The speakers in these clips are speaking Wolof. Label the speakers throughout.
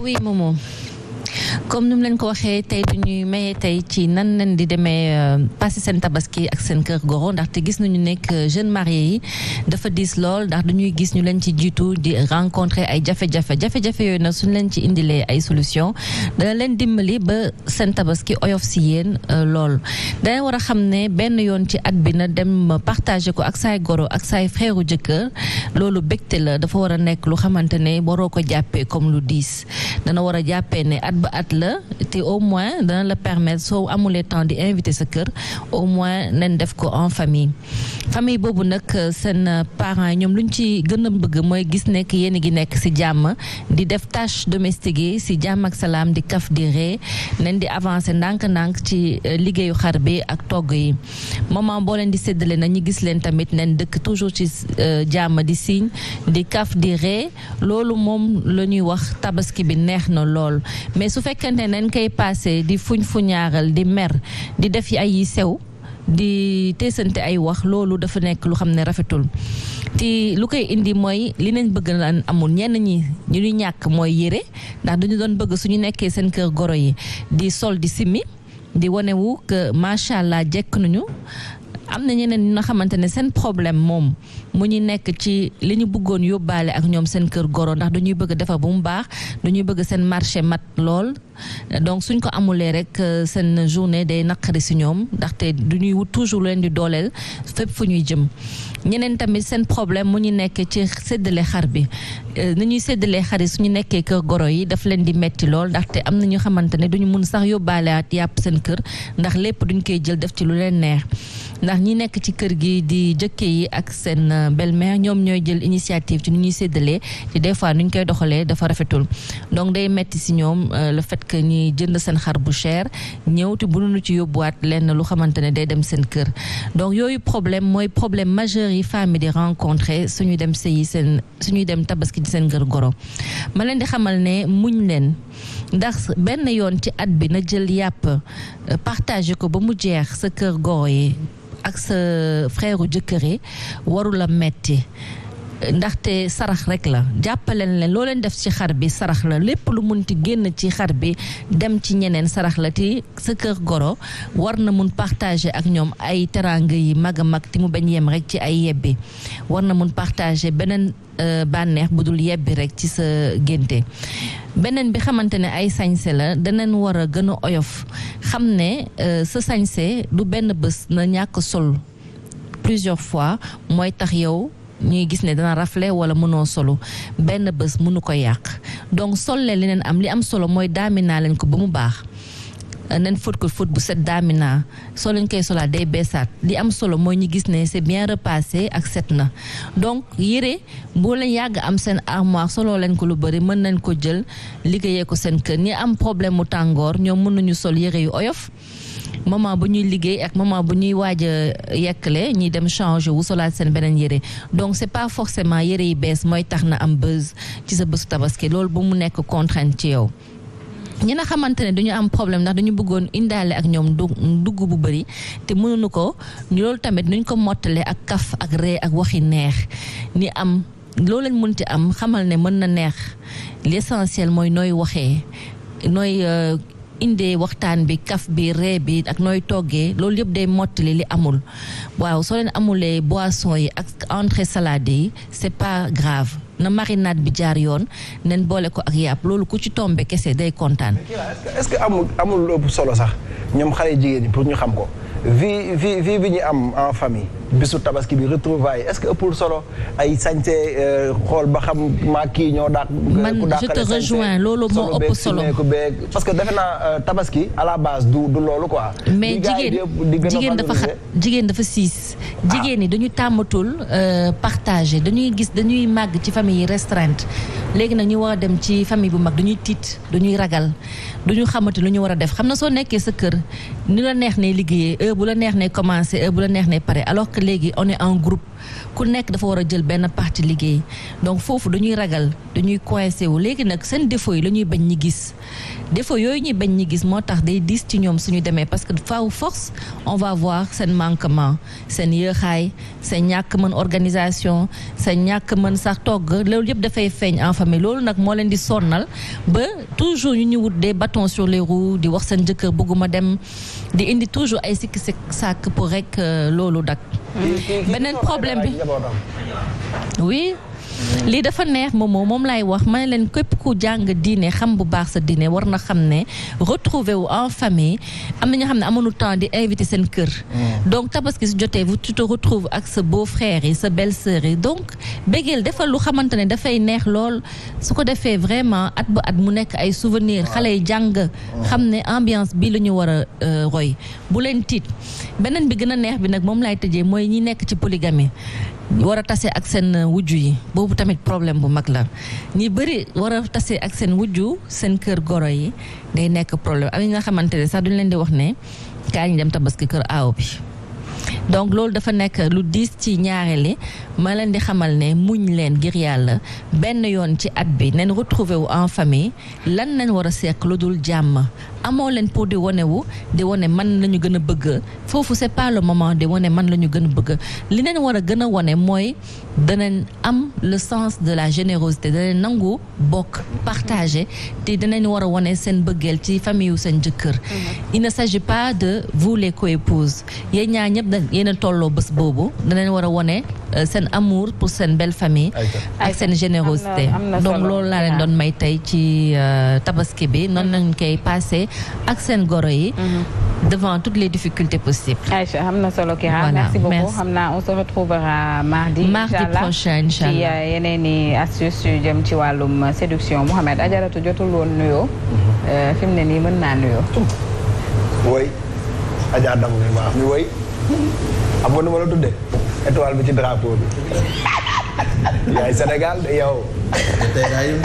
Speaker 1: Oui, Momo. comme ni mu leen ko waxee tey du ñuy maye tey ci nan leen di demee euh, passé seen tabaski ak seen kër goro ndaxte gis nañu nekk jeune marie yi dafa diis lool ndax du dañuy gis ñu leen ci jiitu di rencontrer ay jafe-jafe jafe yooyu nag suñu leen ci indilee ay solution dana leen dimbali ba seen tabaski oyof si yéen euh, lool dana war a xam ne benn yoon ci at bi na dem partager ko ak saay goro ak saay frère jëkkër loolu bégte la dafa war a nekk lu xamante ne waroo ko jàppee comme lu diis at la invité au moins dana la permettre soo amulee temps di invité sa kër au moins nañ def ko en famille famille boobu nag seen parent yi ñoom lu ñu ci gën a bëgg mooy gis nekk yéen a gi nekk si jàmm di def tâche domestique yi si jàmm ak salaam di kaf di ree nañ di avancer ndànk-ndànk ci euh, liggéeyu xar bi ak togg yi moment boo leen di séddale na ñu gis leen tamit nañ dëkk toujours ci euh, jàmm di signe di kaf di ree loolu moom la ñuy wax tabaski bi neex na lool mais su fekkente nañ ko koy paase di fuñ fuñaaral di mer di def yi ay sew di teesante ay wax loolu dafa nekk lu xam ne rafetul te lu koy indi mooy li neen bëgg lan amul ñenn ñi ñu ñu ñàkk mooy yére ndax dañu doon bëgg su ñu nekkee seen kër goro yi di sol di simmi di wane wu que macha allah jekk nañu am na ñeneen ñi nga xamante ne seen problème moom mu ñu nekk ci li ñu bëggoon yóbbaale ak ñoom seen kër goro ndax dañuy bëgg defar bu mu baax dañuy bëgg seen marché mat lool donc suñ ko amulee rek euh, seen journée day naqari si ñoom ndaxte du ñuy wut toujours leen di dooleel fépp fu ñuy jëm ñeneen tamit seen problème mu ñu nekk ci séddale xar bi euh, ni ñuy séddalee xar yi suñu nekkee kër goro yi daf leen di metti lool ndaxte am na ñu xamante ne duñu mun sax yóbbaale at yàpp seen kër ndax lépp duñ koy jël def ci lu leen neex ndax ñi nekk ci kër gi di jëkke yi ak seen euh, belle ñoom ñooy jël initiative ci ni ñuy séddalee ci des fois nu ñu koy doxalee dafa rafetul donc day metti si ñoom euh, le fait que ñuy jënd seen xar bu cher ñëw te bunuñu ci yóbbuwaat lenn lu xamante ne day dem seen kër donc yooyu problème mooy problème majeur yi femmes di rencontrer suñu dem sëyi seen suñuy dem tabaski di seen kër goro maleen di xamal ne muñ leen ndax benn yoon ci at bi na jël yàpp euh, partager ko ba mu jeex sa kër goro yi ak sa frère jëkkëre warul a metti ndaxte sarax rek la jàppaleen leen loo leen def ci xar bi sarax la lépp lu mun ti génn ci xar bi dem ci ñeneen sarax la ti sa kër goro war na mun partager ak ñoom ay teraanga yi mag a mag ti mu bañ yem rek ci ay yebbi war na mun partager beneen euh, bànneex bu dul yebbi rek ci sa génte beneen bi xamante ne ay sañse la danañ war a gën a oyof xam ne euh, sa sañse du benn bés na ñàkk sol plusieurs fois mooy tax yow ñuy gis ne dana rafle wala mënoo solo benn bés munu ko yàq donc sol leen li leen am li am solo mooy daami naa leen ko ba mu baax nañ fóot ko fóot bu set daamina soo leen koy solaat day beesaat li am solo mooy ñu gis ne c'est bien repassé ak set na donc yére boo leen yàgg am seen armoire solo leen ko lu bëri mën nañ ko jël liggéeyee ko seen kër ni am problème mu tàngoor ñoom mën nañu sol yére yu oyof moment bu ñuy liggéey ak moment bu ñuy waaj a yekkale ñuy dem changer wu solaat seen beneen yére donc c'est pas forcément yére yi bees mooy tax na am buzz ci sa bësu tabaski loolu bu mu nekk contrainte ci yow ñi nga xamante ne dañu am problème ndax dañu bëggoon indaale ak ñoom dugg bu bëri te mënuñu ko ñu loolu tamit nuñ ko mottalee ak kaf ak ree ak waxi neex ni am loolu lañ mënti am xamal ne mën na neex l'essentiel mooy nooy waxee nooy euh, indee waxtaan bi kaf bi ree bi ak nooy toggee loolu yëpp day mottali li amul waaw soo leen amulee boisson yi ak entrée salade yi c'est pas grave na marinade bi jaar yoon neen boole ko ak yàpp loolu ku ci tombe kese day kontaan.
Speaker 2: est-ce que amul amul lu ëpp solo sax ñoom xale jigéen ñi pour ñu xam ko vie vie vie bi ñu am en famille. bisu tabaski bi retrouvailles est-ce que ëppul solo ay sañse euh, xool ba xam maa kii ñoo dàq. man je te rejoins loolu moo ëpp solo parce que defe naa euh, tabaski à la base du du loolu quoi.
Speaker 1: mais jigéen jigéen dafa xat jigéen dafa siis. Ah. jigéen ñi dañu tàmmatul euh, partager dañuy gis dañuy màgg ci famille yi léegi nag ñu war a dem ci famille bu mag dañuy tiit dañuy ragal duñu xamante lu ñu war a def xam na soo nekkee sa kër ni la neex ne liggéeyee heure bu la neex ne commencé heure bu la neex ne pare alors que léegi on un en groupe ku nekk dafa war a jël benn partie liggéey donc foofu dañuy ragal dañuy coincé wu léegi nag seen défaut yi la ñuy bañ ñi gis défaut yooyu ñuy bañ ñi gis moo tax day diis ci ñoom suñu demee parce que faaw force on va voir seen manquement seen yéexaay seen ñàkk mën organisation seen ñàkk mën sax togg loolu yëpp dafay feeñ famille loolu nag moo leen di sonnal ba toujours ñu ñu wut dee bâtons sur les roues di wax seen jëkkër bëgguma dem di indi toujours ay sikki sàkk pour rek euh, loolu dak mm-hmm. beneen problème bi oui lii dafa neex moomoo moom laay wax ma ne leen këpp ku jàng diine xam bu baax sa diine war na xam ne retrouver wu en famille am na ñoo xam ne amuñu temps di invité seen kër mm. donc tabaski su jotee vous tu te ak sa beau frère yi sa belle sœur yi donc bégeel defal lu xamante ne dafay neex lool su ko defee vraiment at ba at mu nekk ay souvenir xale yi jàng mm. xam ne ambiance bi la ñu war a euh, roy bu leen tiit beneen bi gën a neex bi nag moom lay tëjee mooy ñi nekk ci polygamie war a tase ak seen wujju yi boobu tamit problème bu mag la ñi bëri war a tase ak seen wujju seen kër goro yi day nekk problème am na nga xamante ne sax duñ leen di wax ne kaay ñu dem tabaski kër aaw bi. donc loolu dafa nekk lu diis ci ñaareel li ma leen di xamal ne muñ leen ngir yàlla benn yoon ci at bi neen retrouver wu en famille lan nañ war a seq lu dul jàmm amoo leen pour di wane wu di wane man la ñu gën a bëgg foofu c'est moment di wane man la ñu gën a bëgg li leen war a gën a wane mooy danañ am le sens de la générosité danañ nangu bokk partager te danañ war a wane seen bëggeel ci famille wu seen jëkkër mm-hmm. il ne s'agit pas de vous les pouse yéen ñaa ñëpp yéen a tolloo bés boobu danañ war a wone euh, seen amour pour seen belle famille. ak seen générosité donc loolu laa leen doon may tey ci euh, tabaski bi noonu lañ koy passé ak seen goro yi. Mm-hmm. devant toutes les difficultés possibles. am na solo Kira voilà, xam naa on se retrouvera mardi. mardi inchallah, prochain incha ci euh, yeneen i astuces yu ci wàllum séduction Mouhamed Ajaratu jotul woon nuyoo. Mm-hmm. fi mu ne nii mën naa nuyoo.
Speaker 2: woy Adja Dame li ma am. xam nga nu ma la tuddee étoile bi ci drapeau yaay Sénégal de yow. tey daa yëngu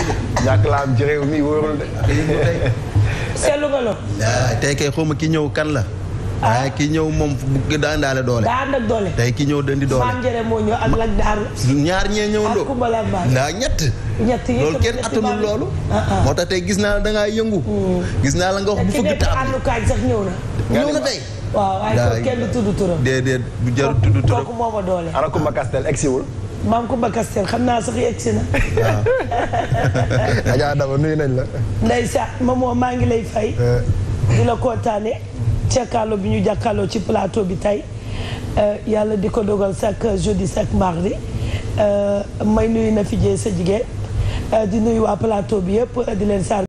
Speaker 2: de. la am ci de. xaw ma ki ñëw kan la. Ah. waaye ñëw moom daan daan ak doole tey ki ñëw ñëw ak lak daar. ñaar ñee ñëwandoo ak Kumba ñett. ñett yëpp loolu kenn attanul loolu. Ah, ah. moo tax tey gis naa la da yëngu. Hmm. gis naa la nga wax bu fëgg taam. te sax ñëw na. ñëw na tey. waaw waaye kenn du tudd turam. déedéet bu jarul tudd turam kooku moo ma doole. ana Kumba Kastel egg wul. maam Kumba Kastel xam naa sax yegg si na. waaw. Adja Daba nuyu nañ la. ndeysa moom maa ngi lay fay. Eh. di la kontaane. cekkaalo bi ñu jàkkaarloo ci plateau bi tey eh, yàlla di ko dogal chaque jeudi chaque mardi
Speaker 1: eh, may nuyu na fi jee sa jigéen di nuyu waa plateau bi yëpp di leen saar